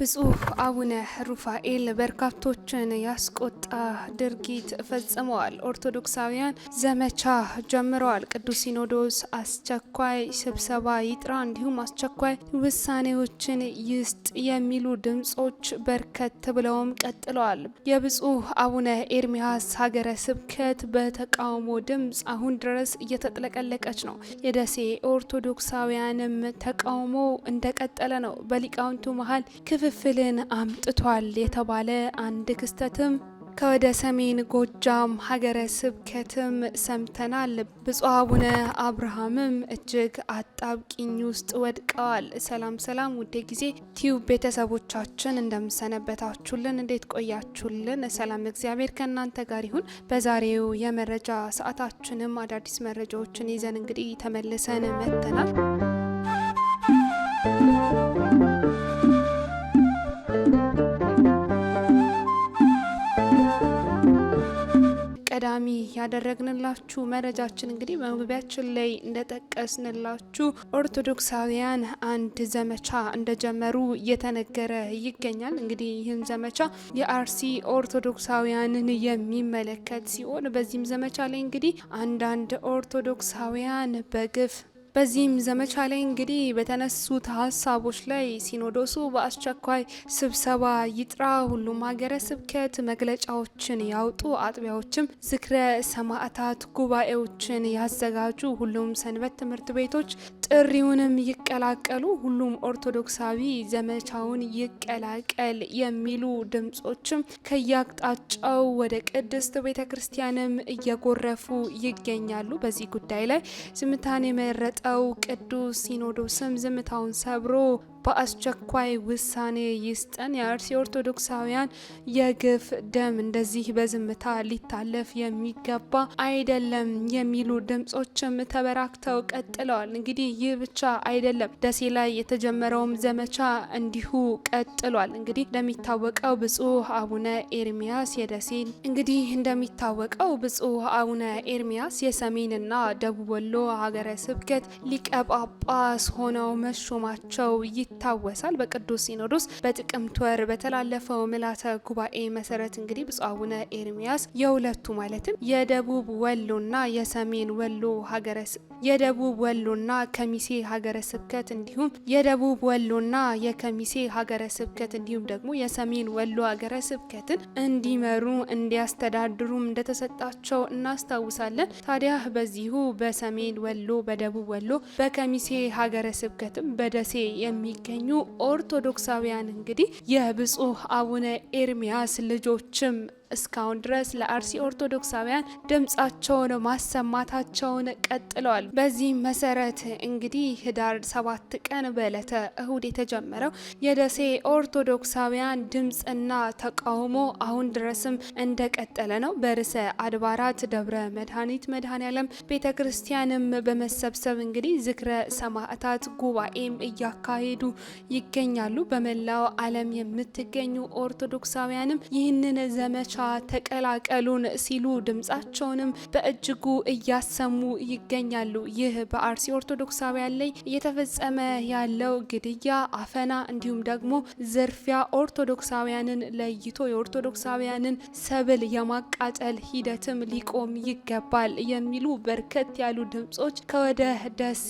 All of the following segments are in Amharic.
ብፁዕ አቡነ ሩፋኤል በርካቶችን ያስቆጣ ድርጊት ፈጽመዋል። ኦርቶዶክሳውያን ዘመቻ ጀምረዋል። ቅዱስ ሲኖዶስ አስቸኳይ ስብሰባ ይጥራ፣ እንዲሁም አስቸኳይ ውሳኔዎችን ይስጥ የሚሉ ድምጾች በርከት ብለውም ቀጥለዋል። የብፁዕ አቡነ ኤርሚያስ ሀገረ ስብከት በተቃውሞ ድምጽ አሁን ድረስ እየተጥለቀለቀች ነው። የደሴ ኦርቶዶክሳውያንም ተቃውሞ እንደቀጠለ ነው። በሊቃውንቱ መሀል ክፍል ክፍፍልን አምጥቷል የተባለ አንድ ክስተትም ከወደ ሰሜን ጎጃም ሀገረ ስብከትም ሰምተናል። ብፁዕ አቡነ አብርሃምም እጅግ አጣብቂኝ ውስጥ ወድቀዋል። ሰላም ሰላም፣ ውዴ ጊዜ ቲዩብ ቤተሰቦቻችን እንደምሰነበታችሁልን፣ እንዴት ቆያችሁልን? ሰላም እግዚአብሔር ከእናንተ ጋር ይሁን። በዛሬው የመረጃ ሰዓታችንም አዳዲስ መረጃዎችን ይዘን እንግዲህ ተመልሰን መጥተናል። ተጠቃሚ ያደረግንላችሁ መረጃችን እንግዲህ በመግቢያችን ላይ እንደጠቀስንላችሁ ኦርቶዶክሳውያን አንድ ዘመቻ እንደጀመሩ እየተነገረ ይገኛል። እንግዲህ ይህም ዘመቻ የአርሲ ኦርቶዶክሳውያንን የሚመለከት ሲሆን በዚህም ዘመቻ ላይ እንግዲህ አንዳንድ ኦርቶዶክሳውያን በግፍ በዚህም ዘመቻ ላይ እንግዲህ በተነሱት ሀሳቦች ላይ ሲኖዶሱ በአስቸኳይ ስብሰባ ይጥራ፣ ሁሉም ሀገረ ስብከት መግለጫዎችን ያውጡ፣ አጥቢያዎችም ዝክረ ሰማዕታት ጉባኤዎችን ያዘጋጁ፣ ሁሉም ሰንበት ትምህርት ቤቶች ጥሪውንም ይቀላቀሉ፣ ሁሉም ኦርቶዶክሳዊ ዘመቻውን ይቀላቀል የሚሉ ድምጾችም ከያቅጣጫው ወደ ቅድስት ቤተ ክርስቲያንም እየጎረፉ ይገኛሉ። በዚህ ጉዳይ ላይ ዝምታን የመረጠው ቅዱስ ሲኖዶስም ዝምታውን ሰብሮ በአስቸኳይ ውሳኔ ይስጠን። የአርሲ ኦርቶዶክሳውያን የግፍ ደም እንደዚህ በዝምታ ሊታለፍ የሚገባ አይደለም የሚሉ ድምጾችም ተበራክተው ቀጥለዋል። እንግዲህ ይህ ብቻ አይደለም። ደሴ ላይ የተጀመረውም ዘመቻ እንዲሁ ቀጥሏል። እንግዲህ እንደሚታወቀው ብፁዕ አቡነ ኤርሚያስ የደሴን እንግዲህ እንደሚታወቀው ብፁዕ አቡነ ኤርሚያስ የሰሜንና ደቡብ ወሎ ሀገረ ስብከት ሊቀ ጳጳስ ሆነው መሾማቸው ይ ይታወሳል። በቅዱስ ሲኖዶስ በጥቅምት ወር በተላለፈው ምልዓተ ጉባኤ መሰረት እንግዲህ ብፁዕ አቡነ ኤርሚያስ የሁለቱ ማለትም የደቡብ ወሎና የሰሜን ወሎ ሀገረ የደቡብ ወሎና ከሚሴ ሀገረ ስብከት እንዲሁም የደቡብ ወሎና የከሚሴ ሀገረ ስብከት እንዲሁም ደግሞ የሰሜን ወሎ ሀገረ ስብከትን እንዲመሩ እንዲያስተዳድሩም እንደተሰጣቸው እናስታውሳለን። ታዲያ በዚሁ በሰሜን ወሎ፣ በደቡብ ወሎ፣ በከሚሴ ሀገረ ስብከትም በደሴ የሚ የሚገኙ ኦርቶዶክሳውያን እንግዲህ የብፁዕ አቡነ ኤርሚያስ ልጆችም እስካሁን ድረስ ለአርሲ ኦርቶዶክሳውያን ድምጻቸውን ማሰማታቸውን ቀጥለዋል። በዚህም መሰረት እንግዲህ ህዳር ሰባት ቀን በዕለተ እሁድ የተጀመረው የደሴ ኦርቶዶክሳውያን ድምፅና ተቃውሞ አሁን ድረስም እንደቀጠለ ነው። በርዕሰ አድባራት ደብረ መድኃኒት መድኃኔዓለም ቤተ ክርስቲያንም በመሰብሰብ እንግዲህ ዝክረ ሰማዕታት ጉባኤም እያካሄዱ ይገኛሉ። በመላው ዓለም የምትገኙ ኦርቶዶክሳውያንም ይህንን ዘመቻ ተቀላቀሉን ሲሉ ድምጻቸውንም በእጅጉ እያሰሙ ይገኛሉ። ይህ በአርሲ ኦርቶዶክሳውያን ላይ እየተፈጸመ ያለው ግድያ፣ አፈና እንዲሁም ደግሞ ዝርፊያ ኦርቶዶክሳውያንን ለይቶ የኦርቶዶክሳውያንን ሰብል የማቃጠል ሂደትም ሊቆም ይገባል የሚሉ በርከት ያሉ ድምጾች ከወደ ደሴ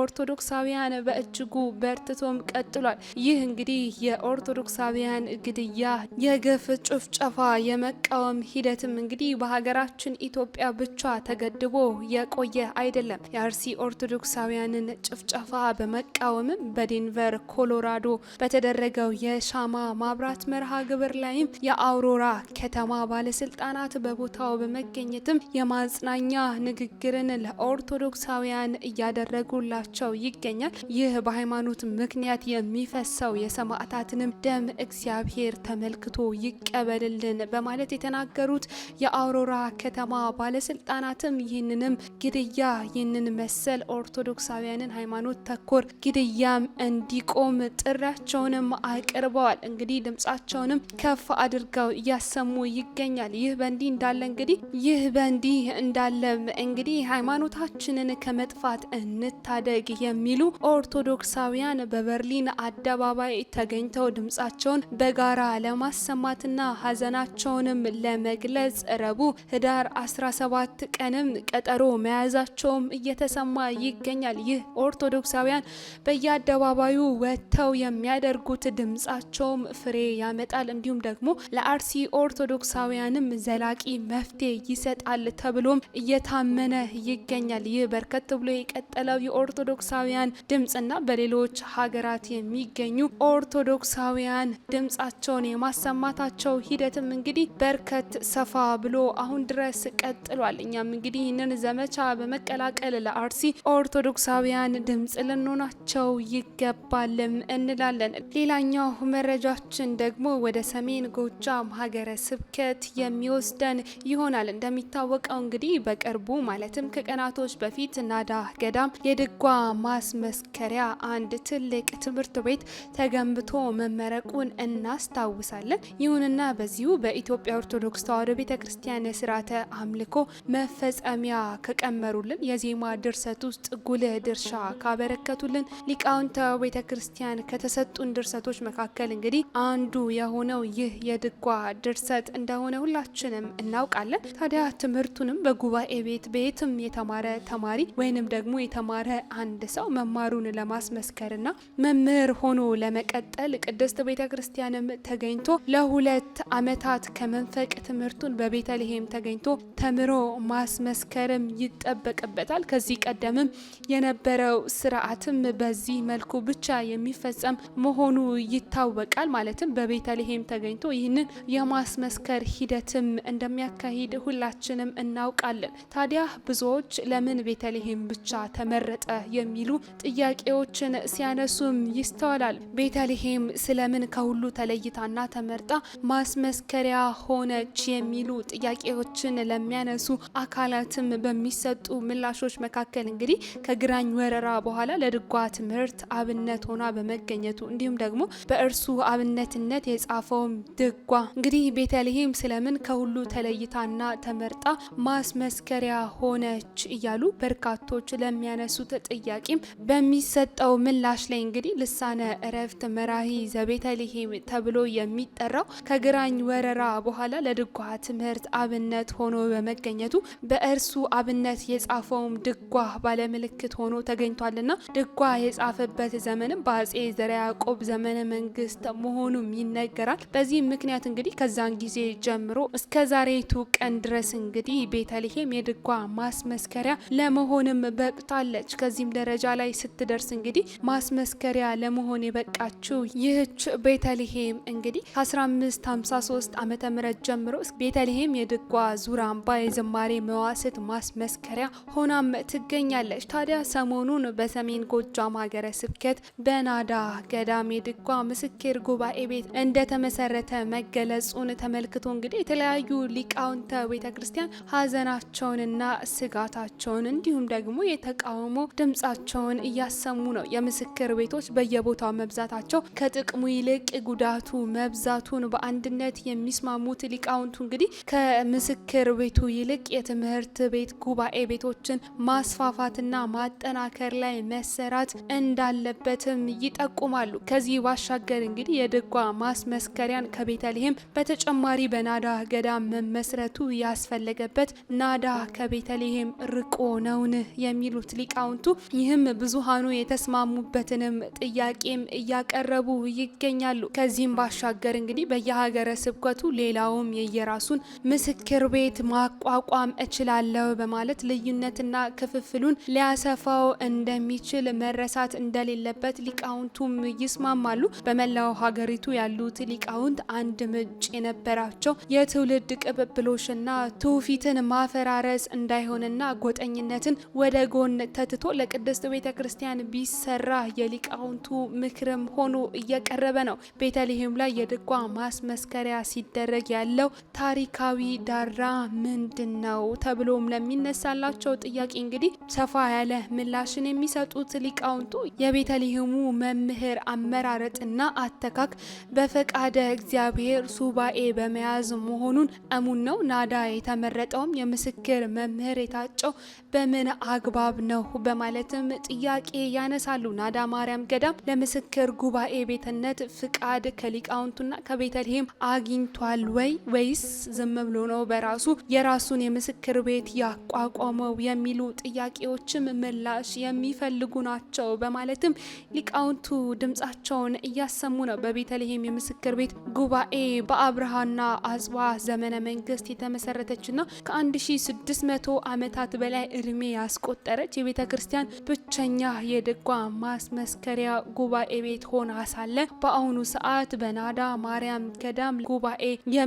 ኦርቶዶክሳውያን በእጅጉ በርትቶም ቀጥሏል። ይህ እንግዲህ የኦርቶዶክሳውያን ግድያ፣ የግፍ ጭፍጨፋ የመ የመቃወም ሂደትም እንግዲህ በሀገራችን ኢትዮጵያ ብቻ ተገድቦ የቆየ አይደለም። የአርሲ ኦርቶዶክሳውያንን ጭፍጨፋ በመቃወምም በዴንቨር ኮሎራዶ በተደረገው የሻማ ማብራት መርሃ ግብር ላይም የአውሮራ ከተማ ባለስልጣናት በቦታው በመገኘትም የማጽናኛ ንግግርን ለኦርቶዶክሳውያን እያደረጉላቸው ይገኛል። ይህ በሃይማኖት ምክንያት የሚፈሰው የሰማዕታትንም ደም እግዚአብሔር ተመልክቶ ይቀበልልን በማለት በማለት የተናገሩት የአውሮራ ከተማ ባለስልጣናትም ይህንንም ግድያ ይህንን መሰል ኦርቶዶክሳውያንን ሃይማኖት ተኮር ግድያም እንዲቆም ጥሪያቸውንም አቅርበዋል። እንግዲህ ድምጻቸውንም ከፍ አድርገው እያሰሙ ይገኛል። ይህ በእንዲህ እንዳለ እንግዲህ ይህ በእንዲህ እንዳለም እንግዲህ ሃይማኖታችንን ከመጥፋት እንታደግ የሚሉ ኦርቶዶክሳውያን በበርሊን አደባባይ ተገኝተው ድምጻቸውን በጋራ ለማሰማትና ሀዘናቸውን መሆኑንም ለመግለጽ ረቡ ህዳር 17 ቀንም ቀጠሮ መያዛቸውም እየተሰማ ይገኛል። ይህ ኦርቶዶክሳውያን በየአደባባዩ ወጥተው የሚያደርጉት ድምጻቸውም ፍሬ ያመጣል። እንዲሁም ደግሞ ለአርሲ ኦርቶዶክሳውያንም ዘላቂ መፍትሄ ይሰጣል ተብሎም እየታመነ ይገኛል። ይህ በርከት ብሎ የቀጠለው የኦርቶዶክሳውያን ድምጽና በሌሎች ሀገራት የሚገኙ ኦርቶዶክሳውያን ድምጻቸውን የማሰማታቸው ሂደትም እንግዲህ በርከት ሰፋ ብሎ አሁን ድረስ ቀጥሏል። እኛም እንግዲህ ይህንን ዘመቻ በመቀላቀል ለአርሲ ኦርቶዶክሳውያን ድምፅ ልንሆናቸው ይገባልም እንላለን። ሌላኛው መረጃችን ደግሞ ወደ ሰሜን ጎጃም ሀገረ ስብከት የሚወስደን ይሆናል። እንደሚታወቀው እንግዲህ በቅርቡ ማለትም ከቀናቶች በፊት ናዳ ገዳም የድጓ ማስመስከሪያ አንድ ትልቅ ትምህርት ቤት ተገንብቶ መመረቁን እናስታውሳለን። ይሁንና በዚሁ በኢትዮጵያ የኢትዮጵያ ኦርቶዶክስ ተዋሕዶ ቤተ ክርስቲያን ስርዓተ አምልኮ መፈጸሚያ ከቀመሩልን የዜማ ድርሰት ውስጥ ጉልህ ድርሻ ካበረከቱልን ሊቃውንተ ቤተ ክርስቲያን ከተሰጡን ድርሰቶች መካከል እንግዲህ አንዱ የሆነው ይህ የድጓ ድርሰት እንደሆነ ሁላችንም እናውቃለን። ታዲያ ትምህርቱንም በጉባኤ ቤት በየትም የተማረ ተማሪ ወይንም ደግሞ የተማረ አንድ ሰው መማሩን ለማስመስከርና መምህር ሆኖ ለመቀጠል ቅድስት ቤተ ክርስቲያንም ተገኝቶ ለሁለት ዓመታት ከመ የመንፈቅ ትምህርቱን በቤተልሔም ተገኝቶ ተምሮ ማስመስከርም ይጠበቅበታል። ከዚህ ቀደምም የነበረው ስርዓትም በዚህ መልኩ ብቻ የሚፈጸም መሆኑ ይታወቃል። ማለትም በቤተልሔም ተገኝቶ ይህንን የማስመስከር ሂደትም እንደሚያካሂድ ሁላችንም እናውቃለን። ታዲያ ብዙዎች ለምን ቤተልሔም ብቻ ተመረጠ የሚሉ ጥያቄዎችን ሲያነሱም ይስተዋላል። ቤተልሔም ስለምን ከሁሉ ተለይታና ተመርጣ ማስመስከሪያ ሆነች የሚሉ ጥያቄዎችን ለሚያነሱ አካላትም በሚሰጡ ምላሾች መካከል እንግዲህ ከግራኝ ወረራ በኋላ ለድጓ ትምህርት አብነት ሆና በመገኘቱ እንዲሁም ደግሞ በእርሱ አብነትነት የጻፈውም ድጓ እንግዲህ ቤተልሔም ስለምን ከሁሉ ተለይታና ተመርጣ ማስመስከሪያ ሆነች እያሉ በርካቶች ለሚያነሱት ጥያቄም በሚሰጠው ምላሽ ላይ እንግዲህ ልሳነ እረፍት መራሂ ዘቤተልሔም ተብሎ የሚጠራው ከግራኝ ወረራ በኋላ ለድጓ ትምህርት አብነት ሆኖ በመገኘቱ በእርሱ አብነት የጻፈውም ድጓ ባለምልክት ሆኖ ተገኝቷልና ድጓ የጻፈበት ዘመንም በአጼ ዘርዓ ያዕቆብ ዘመነ መንግስት መሆኑም ይነገራል። በዚህም ምክንያት እንግዲህ ከዛን ጊዜ ጀምሮ እስከ ዛሬቱ ቀን ድረስ እንግዲህ ቤተልሔም የድጓ ማስመስከሪያ ለመሆንም በቅታለች። ከዚህም ደረጃ ላይ ስትደርስ እንግዲህ ማስመስከሪያ ለመሆን የበቃችው ይህች ቤተልሔም እንግዲህ ከ1553 ም ምህረት ጀምሮ ቤተልሔም የድጓ ዙራ አምባ የዝማሬ መዋስት ማስመስከሪያ ሆናም ትገኛለች። ታዲያ ሰሞኑን በሰሜን ጎጃም ሀገረ ስብከት በናዳ ገዳም የድጓ ምስክር ጉባኤ ቤት እንደተመሰረተ መገለጹን ተመልክቶ እንግዲህ የተለያዩ ሊቃውንተ ቤተ ክርስቲያን ሀዘናቸውንና ስጋታቸውን እንዲሁም ደግሞ የተቃውሞ ድምጻቸውን እያሰሙ ነው። የምስክር ቤቶች በየቦታው መብዛታቸው ከጥቅሙ ይልቅ ጉዳቱ መብዛቱን በአንድነት የሚስማሙ የቀደሙት ሊቃውንቱ እንግዲህ ከምስክር ቤቱ ይልቅ የትምህርት ቤት ጉባኤ ቤቶችን ማስፋፋትና ማጠናከር ላይ መሰራት እንዳለበትም ይጠቁማሉ። ከዚህ ባሻገር እንግዲህ የድጓ ማስመስከሪያን ከቤተልሔም በተጨማሪ በናዳ ገዳ መመስረቱ ያስፈለገበት ናዳ ከቤተልሔም ርቆ ነውን የሚሉት ሊቃውንቱ ይህም ብዙሃኑ የተስማሙበትንም ጥያቄም እያቀረቡ ይገኛሉ። ከዚህም ባሻገር እንግዲህ በየሀገረ ስብከቱ ሌላ ሌላውም የየራሱን ምስክር ቤት ማቋቋም እችላለሁ በማለት ልዩነትና ክፍፍሉን ሊያሰፋው እንደሚችል መረሳት እንደሌለበት ሊቃውንቱም ይስማማሉ። በመላው ሀገሪቱ ያሉት ሊቃውንት አንድ ምንጭ የነበራቸው የትውልድ ቅብብሎሽና ትውፊትን ማፈራረስ እንዳይሆንና ጎጠኝነትን ወደ ጎን ተትቶ ለቅድስት ቤተ ክርስቲያን ቢሰራ የሊቃውንቱ ምክርም ሆኖ እየቀረበ ነው። ቤተልሔም ላይ የድጓ ማስመስከሪያ ሲደረግ ያለው ታሪካዊ ዳራ ምንድን ነው ተብሎም ለሚነሳላቸው ጥያቄ እንግዲህ ሰፋ ያለ ምላሽን የሚሰጡት ሊቃውንቱ የቤተልሔሙ መምህር አመራረጥና አተካክ በፈቃደ እግዚአብሔር ሱባኤ በመያዝ መሆኑን እሙን ነው። ናዳ የተመረጠውም የምስክር መምህር የታጨው በምን አግባብ ነው በማለትም ጥያቄ ያነሳሉ። ናዳ ማርያም ገዳም ለምስክር ጉባኤ ቤትነት ፍቃድ ከሊቃውንቱና ከቤተልሔም አግኝቷል ወይ ወይስ ዝም ብሎ ነው በራሱ የራሱን የምስክር ቤት ያቋቋመው የሚሉ ጥያቄዎችም ምላሽ የሚፈልጉ ናቸው በማለትም ሊቃውንቱ ድምጻቸውን እያሰሙ ነው። በቤተልሔም የምስክር ቤት ጉባኤ በአብርሃና አጽዋ ዘመነ መንግስት የተመሰረተችና ከ1600 ዓመታት በላይ እድሜ ያስቆጠረች የቤተ ክርስቲያን ብቸኛ የድጓ ማስመስከሪያ ጉባኤ ቤት ሆና ሳለ በአሁኑ ሰዓት በናዳ ማርያም ገዳም ጉባኤ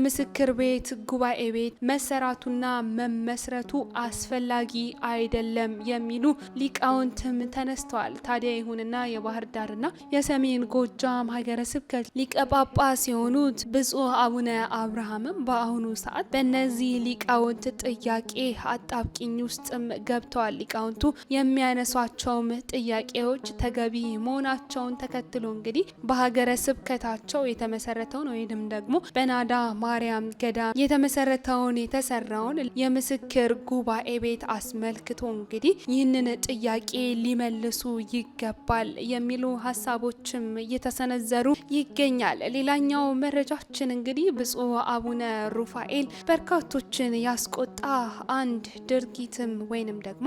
የምስክር ቤት፣ ጉባኤ ቤት መሰራቱና መመስረቱ አስፈላጊ አይደለም የሚሉ ሊቃውንትም ተነስተዋል። ታዲያ ይሁንና የባህር ዳርና የሰሜን ጎጃም ሀገረ ስብከት ሊቀ ጳጳስ የሆኑት ብፁዕ አቡነ አብርሃምም በአሁኑ ሰዓት በእነዚህ ሊቃውንት ጥያቄ አጣብቂኝ ውስጥም ገብተዋል። ሊቃውንቱ የሚያነሷቸውም ጥያቄዎች ተገቢ መሆናቸውን ተከትሎ እንግዲህ በሀገረ ስብከታቸው የተመሰረተውን ወይንም ደግሞ በናዳ ማርያም ገዳም የተመሰረተውን የተሰራውን የምስክር ጉባኤ ቤት አስመልክቶ እንግዲህ ይህንን ጥያቄ ሊመልሱ ይገባል የሚሉ ሀሳቦችም እየተሰነዘሩ ይገኛል። ሌላኛው መረጃችን እንግዲህ ብፁዕ አቡነ ሩፋኤል በርካቶችን ያስቆጣ አንድ ድርጊትም ወይንም ደግሞ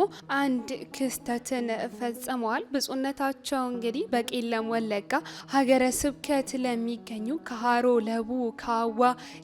አንድ ክስተትን ፈጽመዋል። ብፁዕነታቸው እንግዲህ በቄለም ወለጋ ሀገረ ስብከት ለሚገኙ ከሀሮ ለቡ ካዋ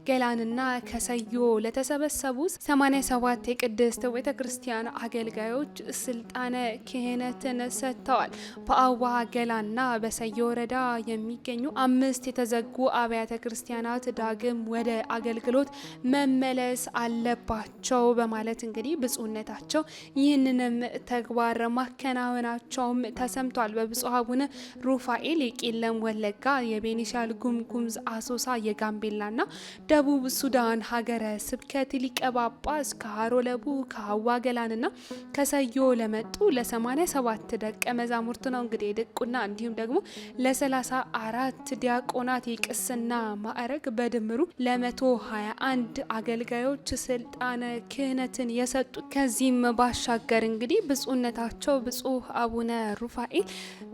ገላንና ከሰዮ ለተሰበሰቡ 87 የቅድስት ቤተ ክርስቲያን አገልጋዮች ስልጣነ ክህነትን ሰጥተዋል። በአዋ ገላና በሰዮ ወረዳ የሚገኙ አምስት የተዘጉ አብያተ ክርስቲያናት ዳግም ወደ አገልግሎት መመለስ አለባቸው በማለት እንግዲህ ብፁዕነታቸው ይህንንም ተግባር ማከናወናቸውም ተሰምቷል። በብፁዕ አቡነ ሩፋኤል የቄለም ወለጋ፣ የቤኒሻል ጉሙዝ አሶሳ፣ የጋምቤላና ደቡብ ሱዳን ሀገረ ስብከት ሊቀ ጳጳስ ከሀሮለቡ ከሀዋ ከሰዮ ለመጡ ለ87 ደቀ መዛሙርት ነው እንግዲህ የድቁና እንዲሁም ደግሞ ለ34 ዲያቆናት የቅስና ማዕረግ በድምሩ ለ121 አገልጋዮች ስልጣነ ክህነትን የሰጡ ከዚህም ባሻገር እንግዲህ ብፁዕነታቸው ብፁዕ አቡነ ሩፋኤል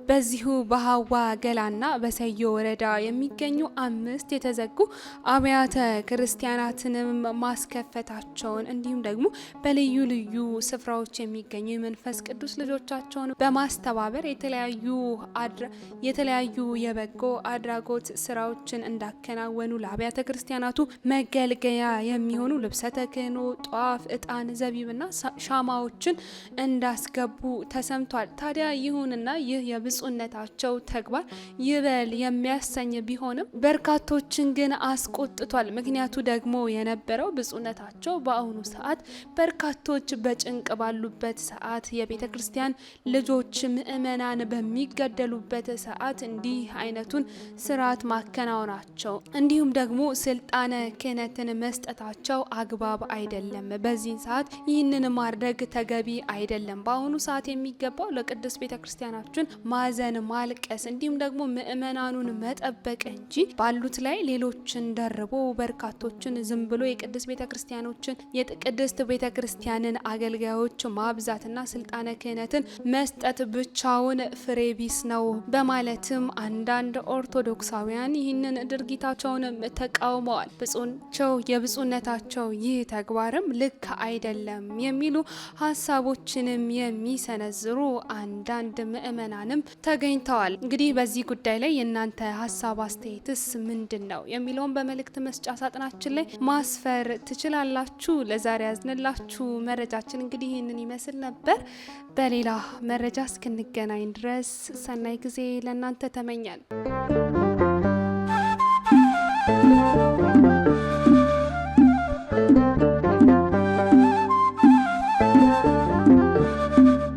በዚሁ በሀዋ ገላና በሰዮ ወረዳ የሚገኙ አምስት የተዘጉ አብያተ ክርስቲያናትንም ማስከፈታቸውን እንዲሁም ደግሞ በልዩ ልዩ ስፍራዎች የሚገኙ የመንፈስ ቅዱስ ልጆቻቸውን በማስተባበር የተለያዩ የተለያዩ የበጎ አድራጎት ስራዎችን እንዳከናወኑ ለአብያተ ክርስቲያናቱ መገልገያ የሚሆኑ ልብሰ ተክህኖ፣ ጧፍ፣ እጣን፣ ዘቢብና ሻማዎችን እንዳስገቡ ተሰምቷል። ታዲያ ይሁንና ይህ የብዙ የብፁዕነታቸው ተግባር ይበል የሚያሰኝ ቢሆንም በርካቶችን ግን አስቆጥቷል። ምክንያቱ ደግሞ የነበረው ብፁዕነታቸው በአሁኑ ሰዓት በርካቶች በጭንቅ ባሉበት ሰዓት የቤተ ክርስቲያን ልጆች ምእመናን በሚገደሉበት ሰዓት እንዲህ አይነቱን ስርዓት ማከናወናቸው እንዲሁም ደግሞ ስልጣነ ክህነትን መስጠታቸው አግባብ አይደለም። በዚህን ሰዓት ይህንን ማድረግ ተገቢ አይደለም። በአሁኑ ሰዓት የሚገባው ለቅዱስ ቤተ ክርስቲያናችን ማዘን፣ ማልቀስ እንዲሁም ደግሞ ምእመናኑን መጠበቅ እንጂ ባሉት ላይ ሌሎችን ደርቦ በርካቶችን ዝም ብሎ የቅድስት ቤተ ክርስቲያኖችን የቅድስት ቤተ ክርስቲያንን አገልጋዮች ማብዛትና ስልጣነ ክህነትን መስጠት ብቻውን ፍሬ ቢስ ነው በማለትም አንዳንድ ኦርቶዶክሳውያን ይህንን ድርጊታቸውን ተቃውመዋል። ብፁዕነታቸው የብፁነታቸው ይህ ተግባርም ልክ አይደለም የሚሉ ሀሳቦችንም የሚሰነዝሩ አንዳንድ ምእመናንም ተገኝተዋል። እንግዲህ በዚህ ጉዳይ ላይ የእናንተ ሀሳብ አስተያየትስ ምንድን ነው የሚለውን በመልእክት መስጫ ሳጥናችን ላይ ማስፈር ትችላላችሁ። ለዛሬ ያዝንላችሁ መረጃችን እንግዲህ ይህንን ይመስል ነበር። በሌላ መረጃ እስክንገናኝ ድረስ ሰናይ ጊዜ ለእናንተ ተመኛል።